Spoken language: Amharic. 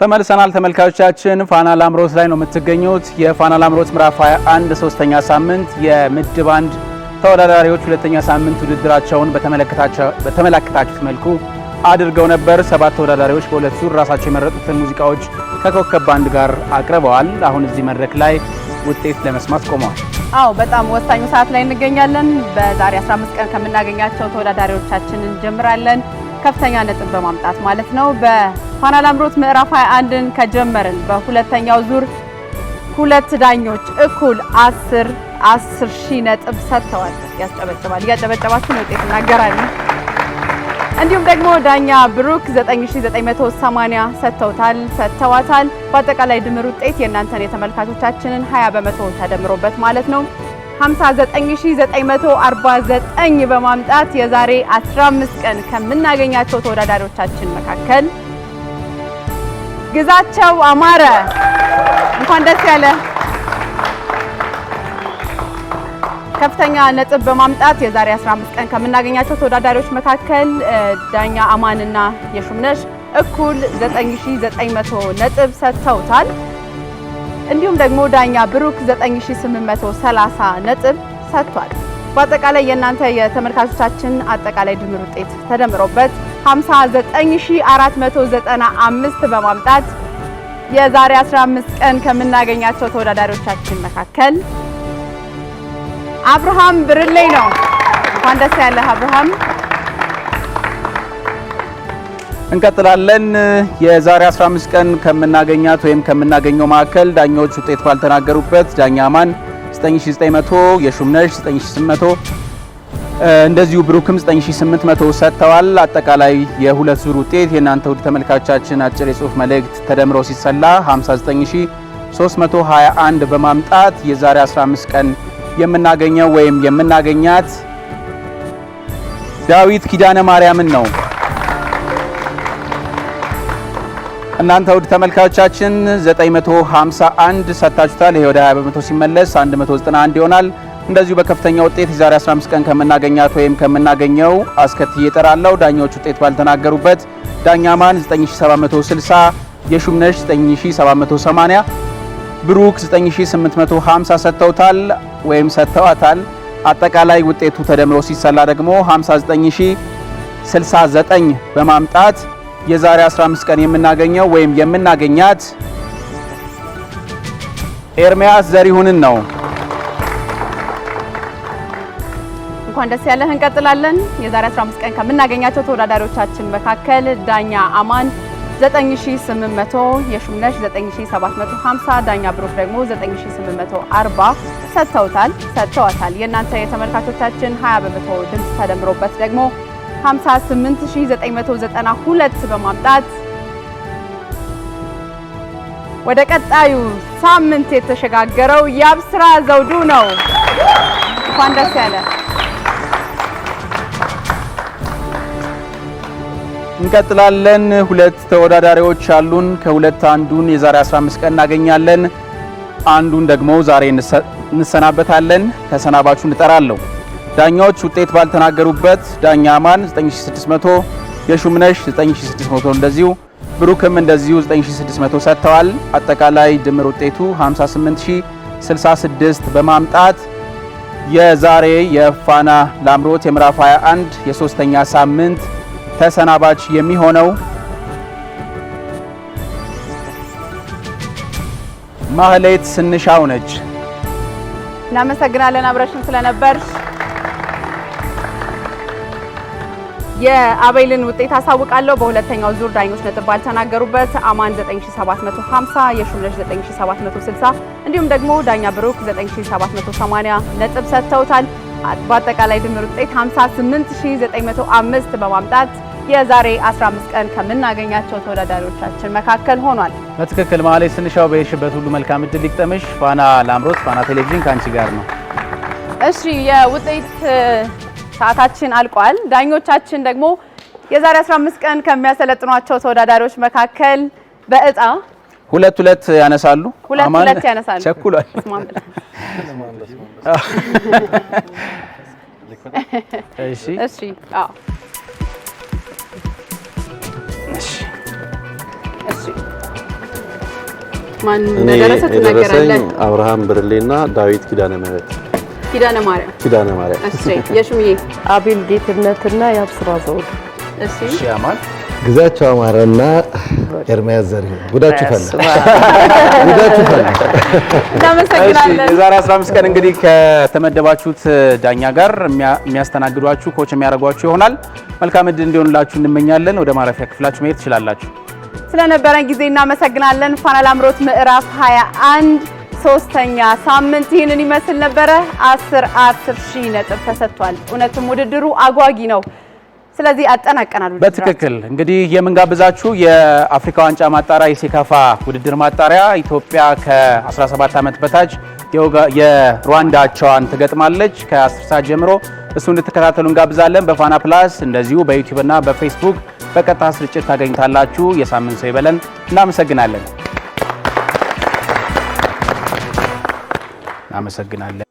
ተመልሰናል ተመልካዮቻችን። ፋና ላምሮት ላይ ነው የምትገኙት። የፋና ላምሮት ምዕራፍ 21 ሶስተኛ ሳምንት የምድብ አንድ ተወዳዳሪዎች ሁለተኛ ሳምንት ውድድራቸውን በተመለከታችሁት መልኩ አድርገው ነበር። ሰባት ተወዳዳሪዎች በሁለት ዙር ራሳቸው የመረጡትን ሙዚቃዎች ከኮከብ ባንድ ጋር አቅርበዋል። አሁን እዚህ መድረክ ላይ ውጤት ለመስማት ቆመዋል። አዎ በጣም ወሳኙ ሰዓት ላይ እንገኛለን። በዛሬ 15 ቀን ከምናገኛቸው ተወዳዳሪዎቻችን እንጀምራለን። ከፍተኛ ነጥብ በማምጣት ማለት ነው። ፋና ላምሮት ምዕራፍ 21ን ከጀመርን በሁለተኛው ዙር ሁለት ዳኞች እኩል 10 10 ሺህ ነጥብ ሰጥተዋል። ያስጨበጭባል። እያጨበጨባችሁ ውጤት እናገራለን። እንዲሁም ደግሞ ዳኛ ብሩክ 9980 ሰጥተውታል ሰጥተዋታል። በአጠቃላይ ድምር ውጤት የእናንተን የተመልካቾቻችንን 20 በመቶ ተደምሮበት ማለት ነው 59949 በማምጣት የዛሬ 15 ቀን ከምናገኛቸው ተወዳዳሪዎቻችን መካከል ግዛቸው አማረ እንኳን ደስ ያለ። ከፍተኛ ነጥብ በማምጣት የዛሬ 15 ቀን ከምናገኛቸው ተወዳዳሪዎች መካከል ዳኛ አማንና የሹምነሽ እኩል 9900 ነጥብ ሰጥተውታል። እንዲሁም ደግሞ ዳኛ ብሩክ 9830 ነጥብ ሰጥቷል። በአጠቃላይ የእናንተ የተመልካቾቻችን አጠቃላይ ድምር ውጤት ተደምሮበት 59495 በማምጣት የዛሬ 15 ቀን ከምናገኛቸው ተወዳዳሪዎቻችን መካከል አብርሃም ብርሌይ ነው። እንኳን ደስ ያለህ አብርሃም። እንቀጥላለን። የዛሬ 15 ቀን ከምናገኛት ወይም ከምናገኘው መካከል ዳኛዎች ውጤት ባልተናገሩበት ዳኛ ማን 9900 የሹምነሽ 9800 እንደዚሁ ብሩክም 9800 ሰጥተዋል። አጠቃላይ የሁለት ዙር ውጤት የእናንተ ውድ ተመልካቾቻችን አጭር የጽሁፍ መልእክት ተደምሮ ሲሰላ 59321 በማምጣት የዛሬ 15 ቀን የምናገኘው ወይም የምናገኛት ዳዊት ኪዳነ ማርያምን ነው። እናንተ ውድ ተመልካቾቻችን 951 ሰጥታችሁታል። ይሄ ወደ 20 በመቶ ሲመለስ 191 ይሆናል። እንደዚሁ በከፍተኛ ውጤት የዛሬ 15 ቀን ከምናገኛት ወይም ከምናገኘው አስከትዬ እጠራለሁ። ዳኛዎች ውጤት ባልተናገሩበት ዳኛ ማን 9760፣ የሹምነሽ 9780፣ ብሩክ 9850 ሰጥተውታል ወይም ሰጥተዋታል። አጠቃላይ ውጤቱ ተደምሮ ሲሰላ ደግሞ 59069 በማምጣት የዛሬ 15 ቀን የምናገኘው ወይም የምናገኛት ኤርሚያስ ዘሪሁንን ነው። እንኳን ደስ ያለህ። እንቀጥላለን። የዛሬ 15 ቀን ከምናገኛቸው ተወዳዳሪዎቻችን መካከል ዳኛ አማን 9800፣ የሹምነሽ 9750፣ ዳኛ ብሩክ ደግሞ 9840 ሰጥተውታል ሰጥተዋታል። የእናንተ የተመልካቾቻችን 20 በመቶ ድምፅ ተደምሮበት ደግሞ 58992 በማምጣት ወደ ቀጣዩ ሳምንት የተሸጋገረው የአብስራ ዘውዱ ነው። እንኳን ደስ ያለ። እንቀጥላለን። ሁለት ተወዳዳሪዎች አሉን። ከሁለት አንዱን የዛሬ 15 ቀን እናገኛለን። አንዱን ደግሞ ዛሬ እንሰናበታለን። ተሰናባቹን እጠራለሁ። ዳኛዎች ውጤት ባልተናገሩበት ዳኛ ማን 9600 የሹምነሽ 9600 እንደዚሁ ብሩክም እንደዚሁ 9600 ሰጥተዋል። አጠቃላይ ድምር ውጤቱ 58066 በማምጣት የዛሬ የፋና ላምሮት የምዕራፍ 21 የሶስተኛ ሳምንት ተሰናባች የሚሆነው ማህሌት ስንሻው ነች። እናመሰግናለን አብረሽን ስለነበርሽ። የአቤልን ውጤት አሳውቃለሁ። በሁለተኛው ዙር ዳኞች ነጥብ ባልተናገሩበት አማን 9750፣ የሹለሽ 9760 እንዲሁም ደግሞ ዳኛ ብሩክ 9780 ነጥብ ሰጥተውታል። በአጠቃላይ ድምር ውጤት 58905 በማምጣት የዛሬ 15 ቀን ከምናገኛቸው ተወዳዳሪዎቻችን መካከል ሆኗል። በትክክል ማሌ ስንሻው በየሽበት ሁሉ መልካም እድል ሊግጠምሽ። ፋና ላምሮት ፋና ቴሌቪዥን ከአንቺ ጋር ነው። እሺ የውጤት ሰዓታችን አልቋል። ዳኞቻችን ደግሞ የዛሬ 15 ቀን ከሚያሰለጥኗቸው ተወዳዳሪዎች መካከል በእጣ ሁለት ሁለት ያነሳሉ። ሁለት ሁለት ያነሳሉ። ቸኩሏል። እሺ፣ እሺ፣ አዎ፣ እሺ። እሺ። ማን ነገር ትነገራለህ? አብርሃም ብርሌና ዳዊት ኪዳነ ምህረት ኪዳነ ማርያም ኪዳነ ማርያም። እሺ የሹምዬ አቤል ጌትነትና የአብስራ እሺ ግዛቸው አማረና ኤርሚያስ ጉዳችሁ ፈላ ጉዳችሁ ፈላ። እናመሰግናለን። የዛሬ 15 ቀን እንግዲህ ከተመደባችሁት ዳኛ ጋር የሚያስተናግዷችሁ ኮች የሚያደርጓችሁ ይሆናል። መልካም ዕድል እንዲሆንላችሁ እንመኛለን። ወደ ማረፊያ ክፍላችሁ መሄድ ትችላላችሁ። ስለነበረን ጊዜ እናመሰግናለን። ፋና ላምሮት ምዕራፍ 21 ሶስተኛ ሳምንት ይህንን ይመስል ነበረ። አስር አስር ሺህ ነጥብ ተሰጥቷል። እውነትም ውድድሩ አጓጊ ነው። ስለዚህ አጠናቀናል። በትክክል እንግዲህ የምንጋብዛችሁ የአፍሪካ ዋንጫ ማጣሪያ የሴካፋ ውድድር ማጣሪያ ኢትዮጵያ ከ17 ዓመት በታች የሩዋንዳ አቻዋን ትገጥማለች ከ10 ሰዓት ጀምሮ እሱ እንድትከታተሉ እንጋብዛለን። በፋና ፕላስ እንደዚሁ በዩቲዩብ እና በፌስቡክ በቀጥታ ስርጭት ታገኝታላችሁ። የሳምንት ሰው ይበለን። እናመሰግናለን። አመሰግናለን።